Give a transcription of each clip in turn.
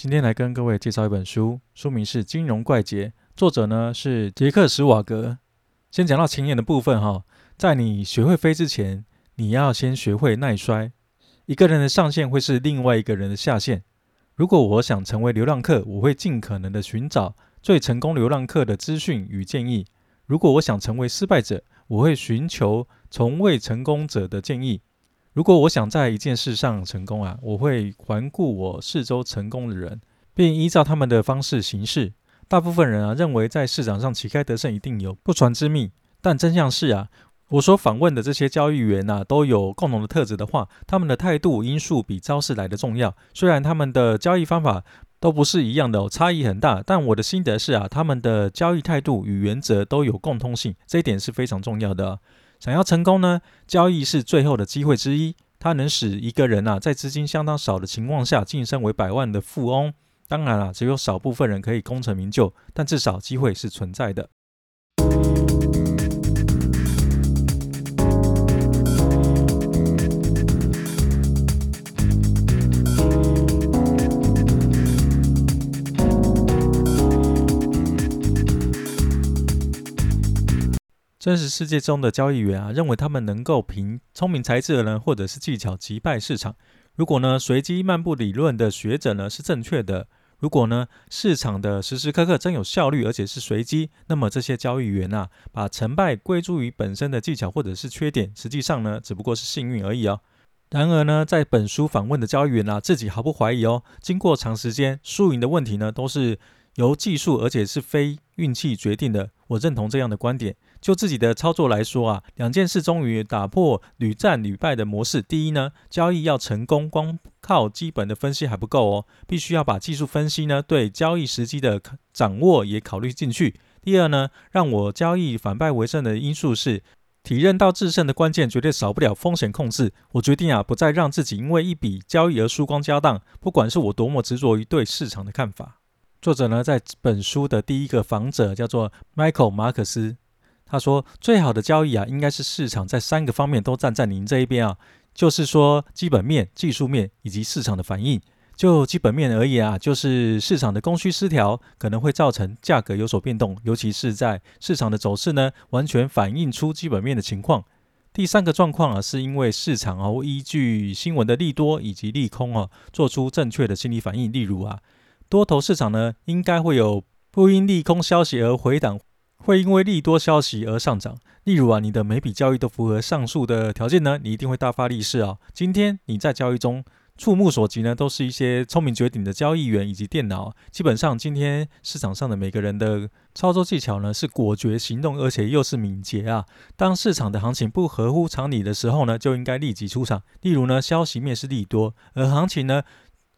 今天來跟各位介紹一本書，書名是《金融怪傑》，作者呢是傑克·史瓦格。先講到前言的部分哈、哦，在你學會飛之前，你要先學會耐摔。一個人的上限會是另外一個人的下限。如果我想成為流浪客，我會盡可能的尋找最成功流浪客的資訊與建議；如果我想成為失敗者，我會尋求從未成功者的建議。如果我想在一件事上成功啊，我會環顧我四周成功的人，並依照他們的方式行事。大部分人啊認為在市場上旗開得勝一定有不傳之秘，但真相是啊，我所訪問的這些交易員啊都有共同的特質的話，他們的態度因素比招式來得重要。雖然他們的交易方法都不是一樣的哦，差異很大，但我的心得是啊，他們的交易態度與原則都有共通性，這一點是非常重要的哦。想要成功呢，交易是最後的機會之一，它能使一個人啊，在資金相當少的情況下晉升為百萬的富翁。當然啦、啊，只有少部分人可以功成名就，但至少機會是存在的。真實世界中的交易員啊，認為他們能夠憑聰明才智的人或者是技巧擊敗市場。如果呢，隨機漫步理論的學者呢是正確的；如果呢，市場的時時刻刻真有效率，而且是隨機，那麼這些交易員啊，把成敗歸咎於本身的技巧或者是缺點，實際上呢，只不過是幸運而已哦。然而呢，在本書訪問的交易員啊，自己毫不懷疑哦，經過長時間輸贏的問題呢，都是由技術而且是非運氣決定的。我認同這樣的觀點。就自己的操作來說啊，兩件事終於打破屢戰屢敗的模式。第一呢，交易要成功，光靠基本的分析還不夠哦，必須要把技術分析呢對交易時機的掌握也考慮進去。第二呢，讓我交易反敗為勝的因素是，體認到制勝的關鍵絕對少不了風險控制。我決定啊，不再讓自己因為一筆交易而輸光家當，不管是我多麼執着於對市場的看法。作者呢，在本書的第一個訪者叫做 Michael 馬可斯。他說：“最好的交易啊，應該是市場在三個方面都站在您這一邊啊。就是說，基本面、技術面以及市場的反應。就基本面而言啊，就是市場的供需失調可能會造成價格有所變動，尤其是在市場的走勢呢，完全反映出基本面的情況。第三個狀況啊，是因為市場啊，依據新聞的利多以及利空啊，做出正確的心理反應。例如啊。”多頭市場呢，應該會有不因利空消息而回檔，會因為利多消息而上漲。例如啊，你的每筆交易都符合上述的條件呢，你一定會大發利市啊。今天你在交易中，觸目所及呢，都是一些聰明絕頂的交易員以及電腦。基本上，今天市場上的每個人的操作技巧呢，是果決行動，而且又是敏捷啊。當市場的行情不合乎常理的時候呢，就應該立即出場。例如呢，消息面是利多，而行情呢，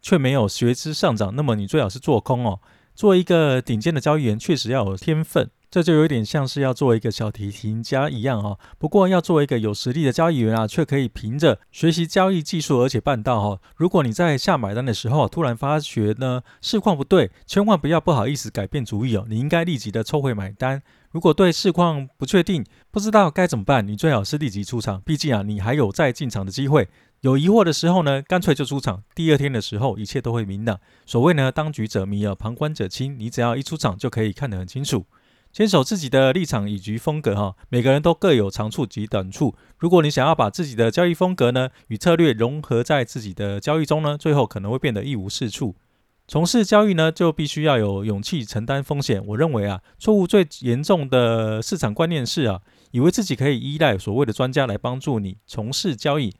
卻沒有隨之上漲，那麼你最好是做空哦。做一個頂尖的交易員，確實要有天分。這就有點像是要做一個小提琴家一樣啊、哦。不過要做一個有實力的交易員啊，卻可以憑着學習交易技術而且辦到哈、哦。如果你在下買單的時候突然發覺呢，市況不對，千萬不要不好意思改變主意哦。你應該立即的抽回買單。如果對市況不確定，不知道該怎麼辦，你最好是立即出場。畢竟啊，你還有再進場的機會。有疑惑的時候呢，乾脆就出場。第二天的時候，一切都會明朗。所謂呢，當局者迷而旁觀者清。你只要一出場，就可以看得很清楚。堅守自己的立場以及風格哈，每個人都各有長處及短處。如果你想要把自己的交易風格呢與策略融合在自己的交易中呢，最後可能會變得一無是處。從事交易呢，就必須要有勇氣承擔風險。我認為啊，錯誤最嚴重的市場觀念是啊，以為自己可以依賴所謂的專家來幫助你從事交易。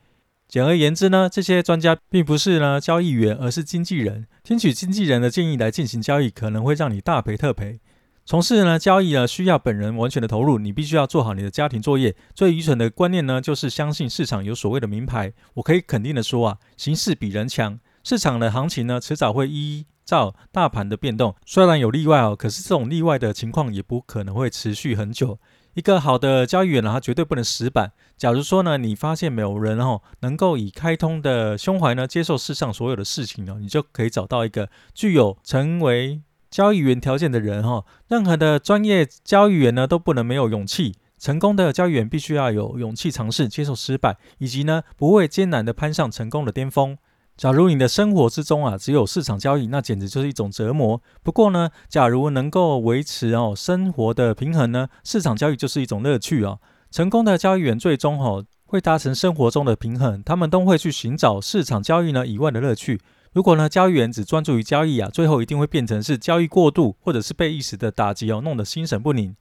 簡而言之呢，這些專家並不是呢交易員，而是經紀人。聽取經紀人的建議來進行交易，可能會讓你大賠特賠。從事呢交易呢，需要本人完全的投入，你必須要做好你的家庭作業。最愚蠢的觀念呢，就是相信市場有所謂的名牌。我可以肯定的說啊，形勢比人強。市場的行情呢，遲早會依照大盤的變動，雖然有例外哦，可是這種例外的情況也不可能會持續很久。一個好的交易員呢，他絕對不能死板。假如說呢，你發現沒有人哦，能夠以開通的胸懷呢，接受世上所有的事情呢、哦，你就可以找到一個具有成為。交易員條件的人哈，任何的專業交易員呢都不能沒有勇氣。成功的交易員必須要有勇氣嘗試、接受失敗，以及呢不畏艱難地攀上成功的巔峰。假如你的生活之中啊只有市場交易，那簡直就是一種折磨。不過呢，假如能夠維持哦生活的平衡呢，市場交易就是一種樂趣啊。成功的交易員最終哦會達成生活中的平衡，他們都會去尋找市場交易呢以外的樂趣。如果呢，交易員只專注於交易啊，最後一定會變成是交易過度，或者是被一時的打擊哦，弄得心神不寧。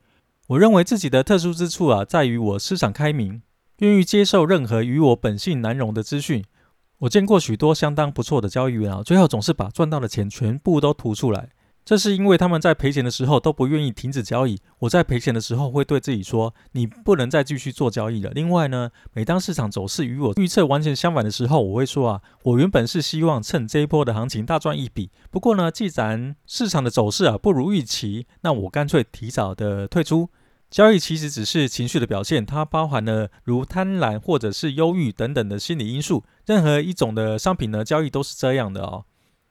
我認為自己的特殊之處啊，在於我思想開明，願意接受任何與我本性難容的資訊。我見過許多相當不錯的交易員啊，最後總是把賺到的錢全部都吐出來。這是因為他們在賠錢的時候都不願意停止交易。我在賠錢的時候會對自己說：“你不能再繼續做交易了。”另外呢，每當市場走勢與我預測完全相反的時候，我會說：“啊，我原本是希望趁這一波的行情大賺一筆，不過呢，既然市場的走勢啊不如預期，那我乾脆提早的退出。交易其實只是情緒的表現，它包含了如貪婪或者是憂鬱等等的心理因素。任何一種的商品呢，交易都是這樣的哦。”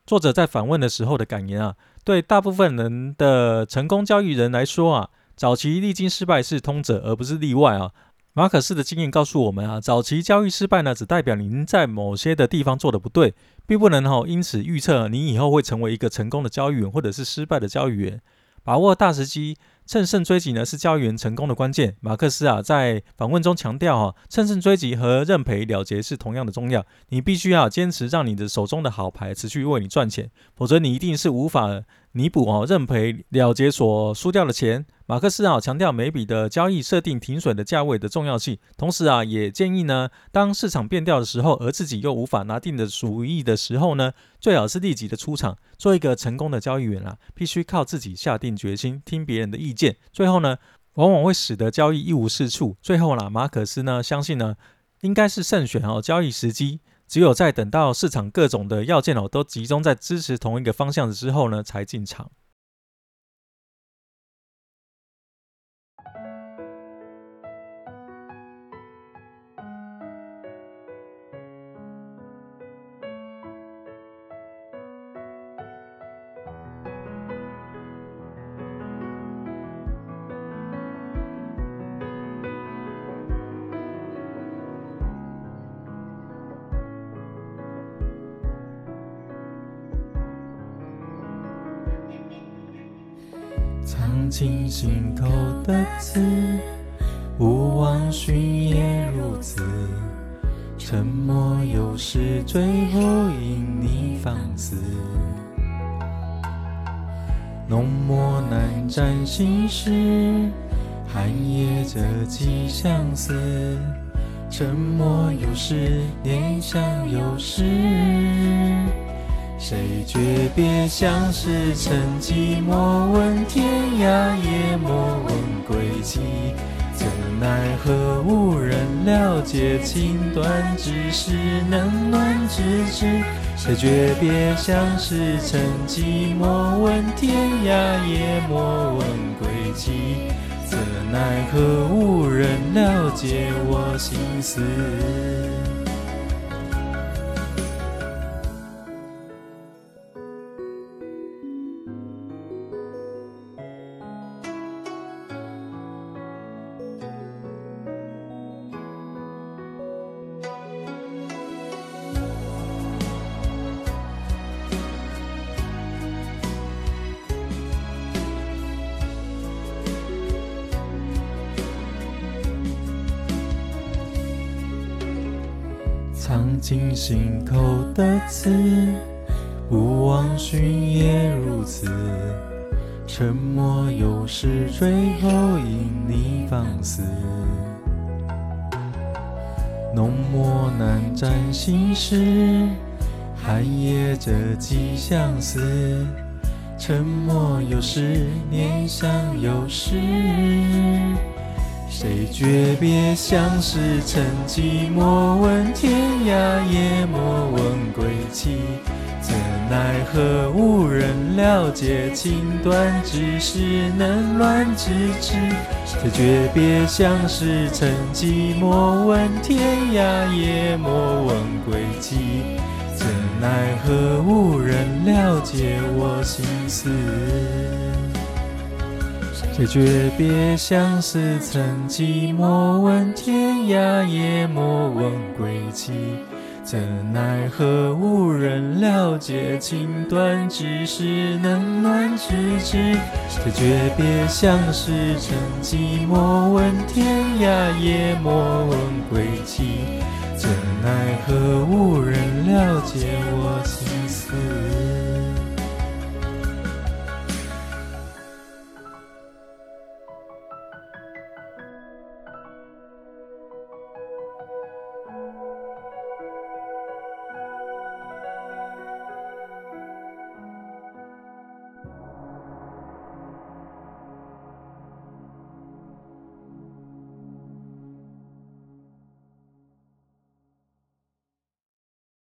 作者在訪問的時候的感言啊。對大部分人的成功交易人來說啊，早期歷經失敗是通則，而不是例外啊。馬可斯的經驗告訴我們啊，早期交易失敗呢，只代表您在某些的地方做的不對，並不能、哦、因此預測、啊、您以後會成為一個成功的交易員或者是失敗的交易員。把握大時機。乘勝追擊呢，是交易員成功的關鍵。馬可斯啊，在訪問中強調哈，乘勝追擊和認賠了結是同樣的重要。你必須要堅持讓你的手中的好牌持續為你賺錢，否則你一定是無法。彌補哦，認賠了結所輸掉的錢。馬可斯啊強調每筆的交易設定停損的價位的重要性，同時啊也建議呢，當市場變調的時候，而自己又無法拿定的主意的時候呢，最好是立即的出場，做一個成功的交易員啊，必須靠自己下定決心，聽別人的意見，最後呢，往往會使得交易一無是處。最後呢、啊，馬可斯呢相信呢，應該是慎選哦、啊、交易時機，只有在等到市場各種的要件哦都集中在支持同一個方向之後呢，才進場。情心頭的刺，無望尋也如此。沉默有時，最後因你放肆。濃墨難沾心事，寒夜怎寄相思？沉默有時，念想有時。誰訣別相思成疾，莫問天涯，也莫問歸期。怎奈何無人了解，情斷之時，冷暖自知。誰訣別相思成疾，莫問天涯，也莫問歸期。怎奈何無人了解我心思。藏進心口的刺，不望尋也如此。沉默有時，最後因你放肆，濃墨難沾心事，寒夜怎寄相思？沉默有時，念想有時。誰訣別，相思成疾，莫問天涯，也莫問歸期。怎奈何無人了解，情斷之時冷暖自知。誰訣別，相思成疾，莫問天涯，也莫問歸期。怎奈何無人了解我心思。這訣別，相思成疾，莫問天涯，也莫問歸期。怎奈何無人了解，情斷之時，冷暖自知。這訣別，相思成疾，莫問天涯，也莫問歸期。怎奈何無人了解我心思。